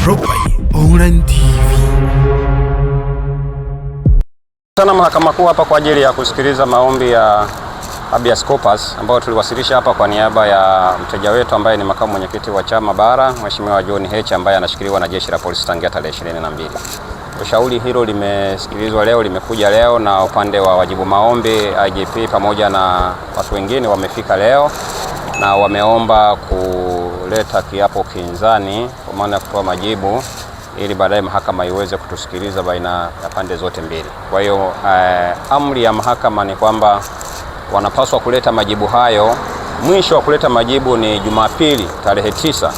Ropai Online TV sana Mahakama Kuu hapa kwa ajili ya kusikiliza maombi ya habeas corpus ambayo tuliwasilisha hapa kwa niaba ya mteja wetu ambaye ni makamu mwenyekiti wa chama bara Mheshimiwa John Heche ambaye anashikiliwa na jeshi la polisi tangia tarehe 22. Ushauri hilo limesikilizwa leo, limekuja leo, na upande wa wajibu maombi IGP pamoja na watu wengine wamefika leo na wameomba kuleta kiapo kinzani kwa maana ya kutoa majibu ili baadaye mahakama iweze kutusikiliza baina ya pande zote mbili. Kwa hiyo eh, amri ya mahakama ni kwamba wanapaswa kuleta majibu hayo. Mwisho wa kuleta majibu ni Jumapili tarehe tisa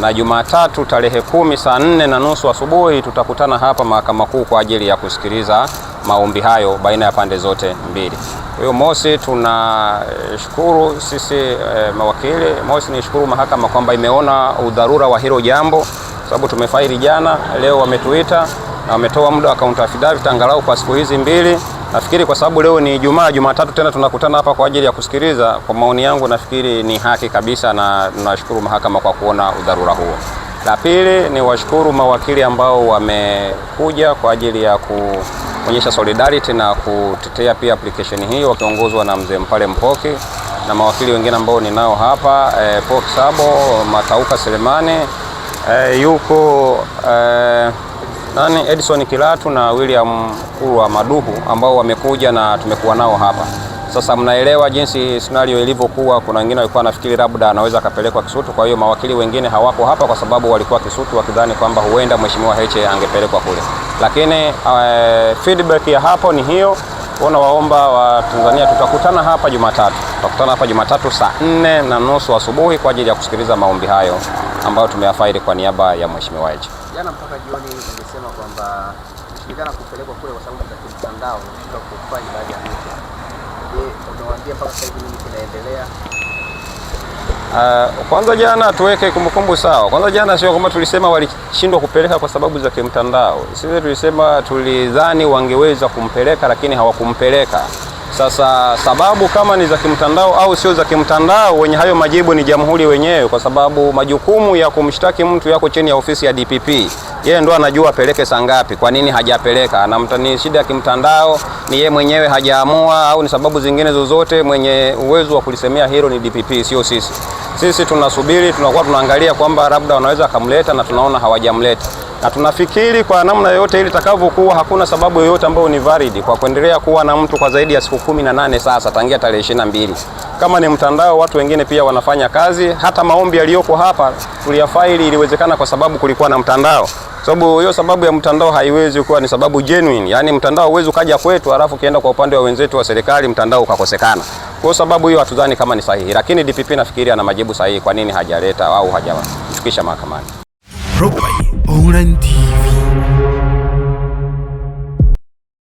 na Jumatatu tarehe kumi saa nne na nusu asubuhi tutakutana hapa Mahakama Kuu kwa ajili ya kusikiliza maombi hayo baina ya pande zote mbili. Kwa hiyo mosi, tunashukuru sisi e, mawakili mosi, shukuru mahakama kwamba imeona udharura wa hilo jambo, sababu tumefaili jana, leo wametuita na wametoa muda wa counter affidavit angalau kwa siku hizi mbili. Nafikiri kwa sababu leo ni Ijumaa, Jumatatu tena tunakutana hapa kwa ajili ya kusikiliza. Kwa maoni yangu, nafikiri ni haki kabisa, na tunashukuru mahakama kwa kuona udharura huo. La pili ni washukuru mawakili ambao wamekuja kwa ajili ya ku kuonyesha solidarity na kutetea pia application hii wakiongozwa na mzee Mpale Mpoki na mawakili wengine ambao ninao hapa e, Poki Sabo Matauka Selemani e, eh, yuko e, nani Edison Kilatu na William Kulwa Maduhu ambao wamekuja na tumekuwa nao hapa. Sasa mnaelewa jinsi scenario ilivyokuwa. Kuna wengine walikuwa nafikiri labda anaweza akapelekwa Kisutu, kwa hiyo mawakili wengine hawako hapa kwa sababu walikuwa Kisutu wakidhani kwamba huenda mheshimiwa Heche angepelekwa kule lakini uh, feedback ya hapo ni hiyo. Ona waomba wa Tanzania, tutakutana hapa Jumatatu, tutakutana hapa Jumatatu saa nne na nusu asubuhi kwa ajili ya kusikiliza maombi hayo ambayo tumeyafaili kwa niaba ya mheshimiwa Heche. Jana mpaka jioni umesema kwamba kushindikana kupelekwa kule kwa sababu za kimtandao, ndio kufanya baadhi ya vitu. Je, unawaambia mpaka sasa hivi nini kinaendelea? Uh, kwanza jana tuweke kumbukumbu sawa. Kwanza jana sio kama tulisema walishindwa kupeleka kwa sababu za kimtandao. Sisi tulisema tulidhani wangeweza kumpeleka lakini hawakumpeleka. Sasa sababu kama ni za kimtandao au sio za kimtandao, wenye hayo majibu ni jamhuri wenyewe, kwa sababu majukumu ya kumshtaki mtu yako chini ya ofisi ya DPP. Yeye ndo anajua apeleke saa ngapi, kwa nini hajapeleka. Anamtania shida ya kimtandao ni yeye mwenyewe hajaamua au ni sababu zingine zozote, mwenye uwezo wa kulisemea hilo ni DPP, sio sisi. Sisi tunasubiri, tunakuwa tunaangalia kwamba labda wanaweza akamleta, na tunaona hawajamleta, na tunafikiri kwa namna yoyote ili takavyokuwa, hakuna sababu yoyote ambayo ni valid kwa kuendelea kuwa na mtu kwa zaidi ya siku kumi na nane sasa tangia tarehe ishirini na mbili. Kama ni mtandao, watu wengine pia wanafanya kazi. Hata maombi yaliyoko hapa tuliyafaili, iliwezekana kwa sababu kulikuwa na mtandao sababu hiyo sababu ya mtandao haiwezi kuwa ni sababu genuine. Yani mtandao huwezi ukaja kwetu alafu ukienda kwa upande wa wenzetu wa serikali mtandao ukakosekana. Kwa sababu hiyo hatudhani kama ni sahihi, lakini DPP nafikiri ana majibu sahihi kwa nini hajaleta au hajafikisha mahakamani. Ropai Online TV.